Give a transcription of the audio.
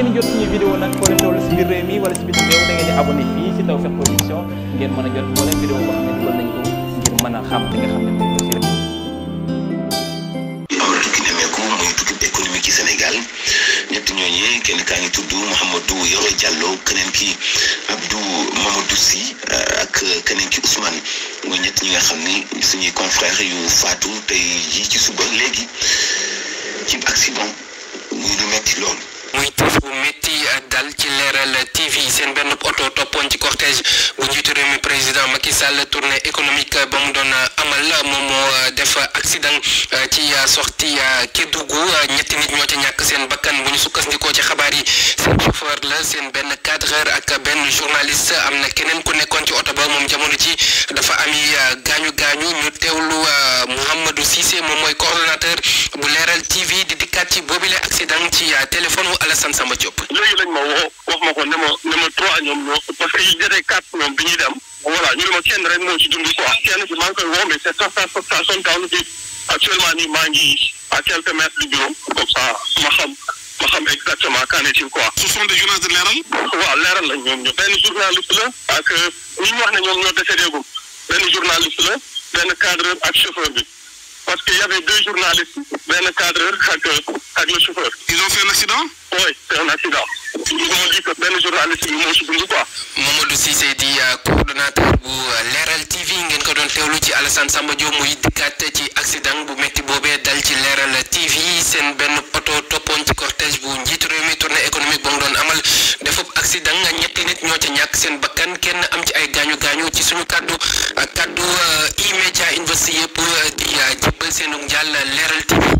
ngeen jot suñu ne dugal muy tukki économique ci Sénégal ñett ñooñee kenn kaa ngi tudd Mouhamadou Yoro Diallo keneen ki Abdou Mamadou Sy eh, ak keneen ki Ousmane mooy ñett ñi nga xam ni suñuy confrères yu faatu tey jii ci suba léegi ci accident muy lu metti lool. bu métti dal ci leeral TV ci seen benn oto toppoon ci cortège bu njiitu réew mi président Macky Sall tournée économique ba mu doon amal moom moo def accident ci sortie Kédougou ñetti nit ñoo ci ñàkk seen bakkan bu ñu sukkandikoo ci xabaar yi seen chauffeur la seen benn cadreur ak benn journaliste am na keneen ku nekkoon ci oto ba moom jamono ci dafa ami gaañu gaañu ñu teewlu euh, Mouhamadou Cissé moom mooy coordonnateur bu leeral TV di dikkaat ci boobile accident ci euh, téléphone wu Alassane Samba Diop. léegi lañ ma trois ñoom ñoo parce que yi jotee quatre ñoom bi dem voilà ñu ne kenn rek moo ci dund quoi kenn ci maa ngi koy woo mais c'est ça ça ça sonne actuellement nii maa ngi à quelques mètres du comme ça ma xam ma xam exactement qu'en est-il quoi. ce sont des journalistes de leeral. waaw leeral la ñoom ñoom benn journaliste la ak euh, ñi ñoom ñoo décédé gu benn journaliste la benn cadreur ak chauffeur bi. parce qu'il y avait deux journalistes benn cadreur ak euh, ak le chauffeur. ils on dit benn journaliste bi si dund quoi. Mamadou Cissé di euh, coordonnateur bu euh, Leral TV ngeen ko doon teewlu ci Alassane Samba Diop muy dikkaat ci accident bu métti boobee dal ci Leral TV seen benn oto toppoon ci cortège bu njiitu réew mi tournée économique ba mu doon amal dafa accident nga ñetti nit ñoo ca ñàkk seen bakkan kenn am ci ay gaañu gaañu ci suñu kàddu kàddu euh, E-Media investi yëpp di jébbal seen njàll Leral TV.